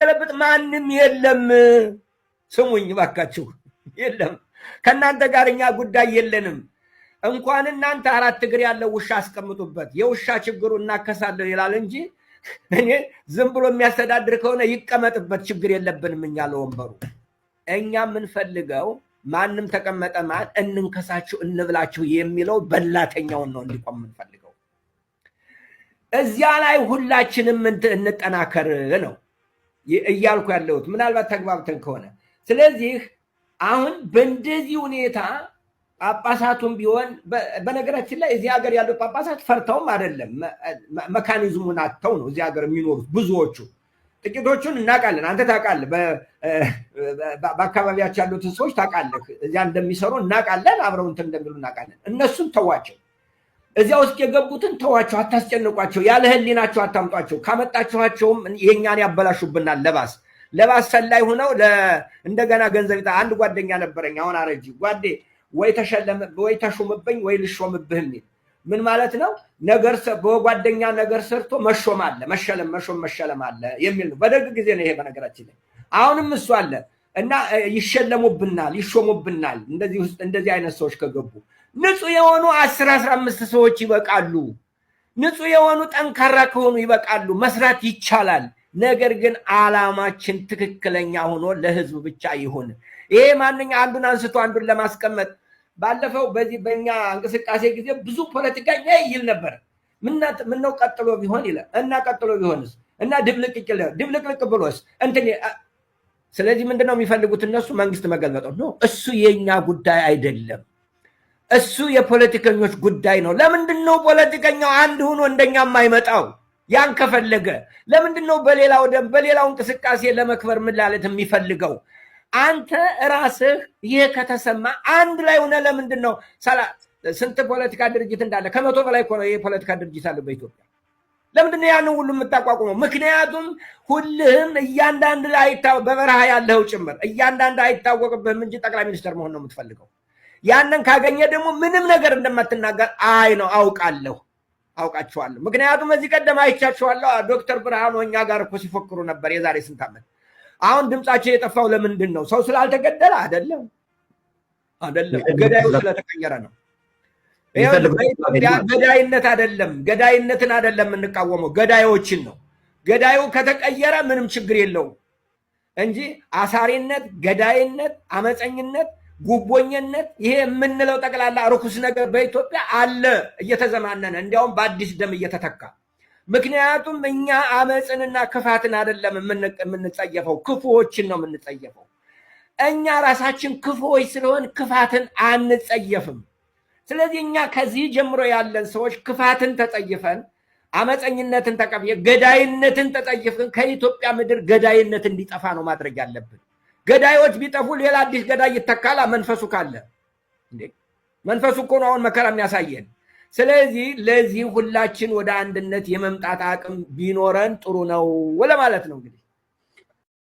የሚገለብጥ ማንም የለም። ስሙኝ ባካችሁ፣ የለም ከእናንተ ጋር እኛ ጉዳይ የለንም። እንኳን እናንተ አራት እግር ያለው ውሻ አስቀምጡበት፣ የውሻ ችግሩ እናከሳለን ይላል እንጂ እኔ ዝም ብሎ የሚያስተዳድር ከሆነ ይቀመጥበት፣ ችግር የለብንም እኛ ለወንበሩ። እኛ የምንፈልገው ማንም ተቀመጠ ማን እንንከሳችሁ እንብላችሁ የሚለው በላተኛውን ነው እንዲቆም የምንፈልገው። እዚያ ላይ ሁላችንም እንጠናከር ነው እያልኩ ያለሁት ምናልባት ተግባብተን ከሆነ ስለዚህ አሁን በእንደዚህ ሁኔታ ጳጳሳቱም ቢሆን በነገራችን ላይ እዚህ ሀገር ያሉት ጳጳሳት ፈርተውም አይደለም፣ መካኒዝሙን አተው ነው እዚህ ሀገር የሚኖሩት ብዙዎቹ። ጥቂቶቹን እናውቃለን፣ አንተ ታውቃለህ፣ በአካባቢያቸው ያሉትን ሰዎች ታውቃለህ፣ እዚያ እንደሚሰሩ እናውቃለን፣ አብረው እንትን እንደሚሉ እናውቃለን። እነሱን ተዋቸው። እዚያ ውስጥ የገቡትን ተዋቸው፣ አታስጨንቋቸው፣ ያለ ህሊናቸው አታምጧቸው። ካመጣችኋቸውም የእኛን ያበላሹብናል። ለባስ ለባስ ሰላይ ሆነው እንደገና ገንዘብ ይጣ አንድ ጓደኛ ነበረኝ፣ አሁን አረጂ ጓዴ ወይ ተሹምብኝ ወይ ልሾምብህ የሚል ምን ማለት ነው? ነገር በጓደኛ ነገር ሰርቶ መሾም አለ መሸለም መሾም መሸለም አለ የሚል ነው። በደርግ ጊዜ ነው ይሄ በነገራችን ላይ አሁንም እሱ አለ። እና ይሸለሙብናል፣ ይሾሙብናል። እንደዚህ ውስጥ እንደዚህ አይነት ሰዎች ከገቡ ንጹህ የሆኑ አስር አስራ አምስት ሰዎች ይበቃሉ። ንጹህ የሆኑ ጠንካራ ከሆኑ ይበቃሉ። መስራት ይቻላል። ነገር ግን አላማችን ትክክለኛ ሆኖ ለህዝብ ብቻ ይሁን። ይሄ ማንኛ አንዱን አንስቶ አንዱን ለማስቀመጥ ባለፈው በዚህ በእኛ እንቅስቃሴ ጊዜ ብዙ ፖለቲከኛ ይል ነበር። ምነው ቀጥሎ ቢሆን ይለ እና ቀጥሎ ቢሆንስ እና ድብልቅቅ ድብልቅልቅ ብሎስ እንትን ስለዚህ ምንድነው የሚፈልጉት እነሱ መንግስት መገልበጠው ነው። እሱ የኛ ጉዳይ አይደለም። እሱ የፖለቲከኞች ጉዳይ ነው። ለምንድን ነው ፖለቲከኛው አንድ ሆኖ እንደኛ የማይመጣው? ያን ከፈለገ ለምንድን ነው በሌላው ደም በሌላው እንቅስቃሴ ለመክበር ምላለት የሚፈልገው? አንተ ራስህ ይህ ከተሰማ አንድ ላይ ሆነ። ለምንድን ነው ስንት ፖለቲካ ድርጅት እንዳለ ከመቶ በላይ ፖለቲካ ድርጅት አለ በኢትዮጵያ ለምንድን ነው ያንን ሁሉ የምታቋቁመው? ምክንያቱም ሁልህም እያንዳንድ በበረሃ ያለው ጭምር እያንዳንድ አይታወቅብህም እንጂ ጠቅላይ ሚኒስትር መሆን ነው የምትፈልገው። ያንን ካገኘ ደግሞ ምንም ነገር እንደማትናገር አይ ነው አውቃለሁ፣ አውቃችኋለሁ። ምክንያቱም እዚህ ቀደም አይቻችኋለሁ። ዶክተር ብርሃኑ እኛ ጋር እኮ ሲፎክሩ ነበር የዛሬ ስንት ዓመት። አሁን ድምፃቸው የጠፋው ለምንድን ነው? ሰው ስላልተገደለ አይደለም፣ አይደለም ገዳዩ ስለተቀየረ ነው። ገዳይነት አይደለም፣ ገዳይነትን አይደለም የምንቃወመው ገዳዮችን ነው። ገዳዩ ከተቀየረ ምንም ችግር የለው እንጂ አሳሪነት፣ ገዳይነት፣ አመፀኝነት፣ ጉቦኝነት ይሄ የምንለው ጠቅላላ ርኩስ ነገር በኢትዮጵያ አለ፣ እየተዘማነነ እንዲያውም በአዲስ ደም እየተተካ ምክንያቱም እኛ አመፅንና ክፋትን አይደለም የምንጸየፈው፣ ክፉዎችን ነው የምንጸየፈው። እኛ ራሳችን ክፉዎች ስለሆን ክፋትን አንጸየፍም። ስለዚህ እኛ ከዚህ ጀምሮ ያለን ሰዎች ክፋትን ተጸይፈን አመፀኝነትን ተቀብየ ገዳይነትን ተጸይፈን ከኢትዮጵያ ምድር ገዳይነት እንዲጠፋ ነው ማድረግ ያለብን። ገዳዮች ቢጠፉ ሌላ አዲስ ገዳይ ይተካል። መንፈሱ ካለ መንፈሱ እኮ ነው አሁን መከራ የሚያሳየን። ስለዚህ ለዚህ ሁላችን ወደ አንድነት የመምጣት አቅም ቢኖረን ጥሩ ነው ለማለት ነው እንግዲህ